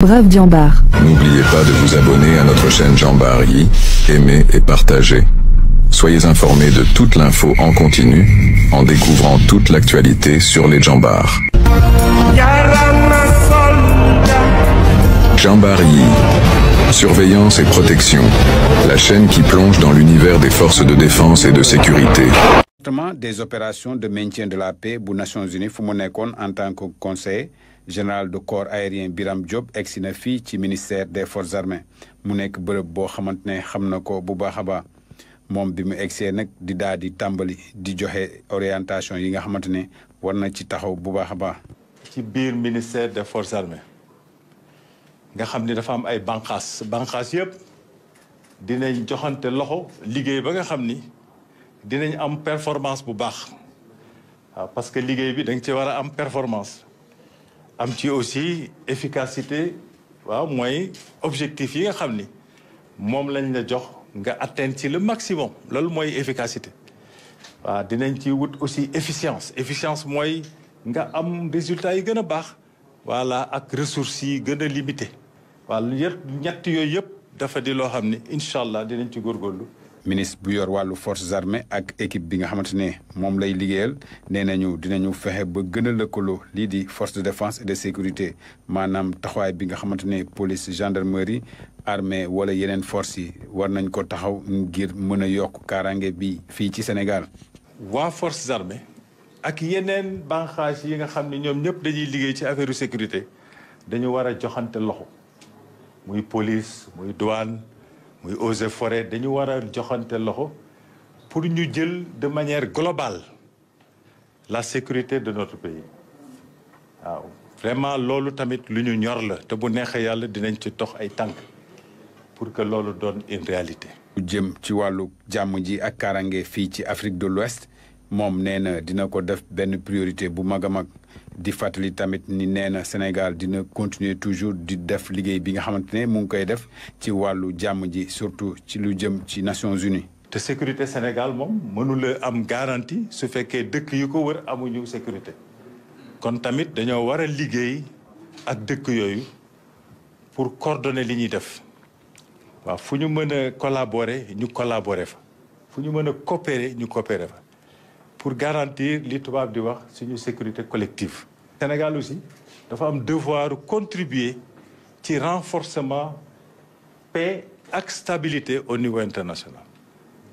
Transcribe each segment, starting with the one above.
Brave Jambar. N'oubliez pas de vous abonner à notre chaîne Jambari, aimer et partager. Soyez informés de toute l'info en continu, en découvrant toute l'actualité sur les Jambars. Jambari. Surveillance et protection. La chaîne qui plonge dans l'univers des forces de défense et de sécurité. des opérations de maintien de la paix aux Nations Unies, en tant que conseil général de corps aérien Biram Diop egsi na fii ci ministère des forces armées mu nekk bërëb boo xamante ne xam na ko bu baax a baax moom bi mu egsee nag di daal di tàmbali di joxe orientation yi nga xamante ne war na ci taxaw bu baax a baax. ci biir ministère des forces armées nga xam ni dafa am ay bànqaas bànqaas yëpp dinañ joxante loxo liggéey ba nga xam ni dinañ am performance bu baax waaw parce que liggéey bi da nga ci war a am performance. am ci aussi efficacité waaw mooy objectif yi nga xam ni moom lañ la jox nga atteindre ci le maximum loolu mooy efficacité waaw dinañ ci wut aussi efficience efficience mooy nga am résultat yi gën a baax voilà ak ressources yi gën a limité waaw yëpp ñett yooyu yëpp dafa di loo xam ni incha allah dinañ ci góorgóorlu ministre bu yor wàllu force armées ak équipe bi nga xamante ne moom lay liggéeyal nee nañu dinañu fexe ba gën a lëkkaloo lii di force de défense et de sécurité maanaam taxawaay bi nga xamante ne police gendarmerie armée wala yeneen force yi war nañ ko taxaw ngir mën a yokk kaaraange bi fii ci Sénégal. waa force armées ak yeneen banqaas yi nga xam ne ñoom ñëpp dañuy liggéey ci affaire sécurité dañu war a joxante loxo muy police muy douane. muy eaux et forêt dañu war a joxante loxo pour ñu jël de manière globale la sécurité de notre pays waaw vraiment loolu tamit lu ñu ñor la te bu neexee yàlla dinañ ci tox ay tànk pour que loolu doon une réalité. jëm ci wàllu jàmm ji ak kaaraange fii ci Afrique de l'Ouest moom nee na dina ko def benn priorité bu mag a mag di fàttali tamit ni nee na Sénégal dina continuer toujours di def liggéey bi nga xamante ne mu ngi koy def ci wàllu jàmm ji surtout ci lu jëm ci Nations Unies. te sécurité Sénégal moom mënula am garantie su fekkee dëkk yu ko wër amuñu sécurité kon tamit dañoo war a liggéey ak dëkk yooyu pour coordonner li ñuy def waaw fu ñu mën a collaborer ñu collaborer fa fu ñu mën a coopérer ñu coopérer fa. pour garantir li tubaab di wax suñu sécurité collective. Sénégal aussi dafa am devoir contribuer ci renforcement paix ak stabilité au niveau international.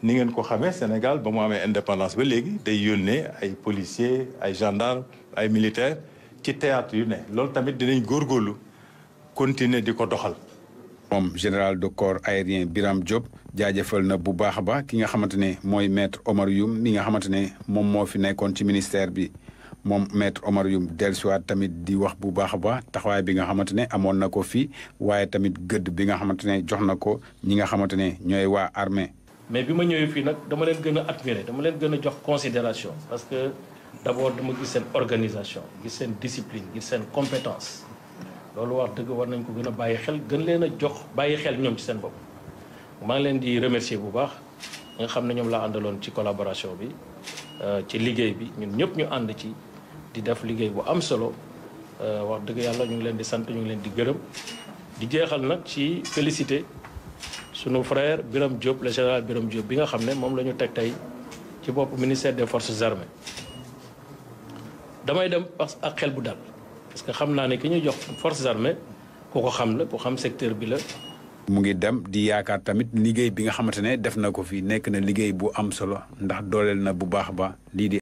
ni ngeen ko xamee Sénégal ba mu amee indépendance ba léegi day yónnee ay policiers ay gendarmes ay militaires ci théâtre yu ne loolu tamit dinañ góor góorlu continuer di ko doxal. moom général de corps aérien Biram Diop jaajëfal na bu baax ba ki nga xamante ne mooy maître Omar Youm mi nga xamante ne moom moo fi nekkoon ci ministère bi moom maître Omar Youm dellusiwaat tamit di wax bu baax ba taxawaay bi nga xamante ne amoon na ko fii waaye tamit gëdd bi nga xamante ne jox na ko ñi nga xamante ne ñooy waa armée. mais bi ma ñëwee fii nag dama leen gën a admirer dama leen gën a jox considération parce que d'abord dama gis seen organisation gis seen discipline gis seen compétence. loolu wax dëgg war nañ ko gën a bàyyi xel gën leen a jox bàyyi xel ñoom ci seen bopp maa ngi leen di remercier bu baax nga xam ne ñoom laa àndaloon ci collaboration bi euh, ci liggéey bi ñun ñëpp ñu ànd ci di def liggéey bu am solo euh, wax dëgg yàlla ñu ngi leen di sant ñu ngi leen di gërëm di jeexal nag ci félicité sunu frère Birame Diop la général Birame Diop bi nga xam ne moom la ñu teg tey ci bopp ministère des forces armées damay dem parce ak xel bu dal parce que xam naa ne ki ñu jox forces armées ku ko xam la ku xam secteur bi la. mu ngi dem di yaakaar tamit liggéey bi nga xamante ne def na ko fi nekk na liggéey bu am solo ndax doolel na bu baax ba lii di.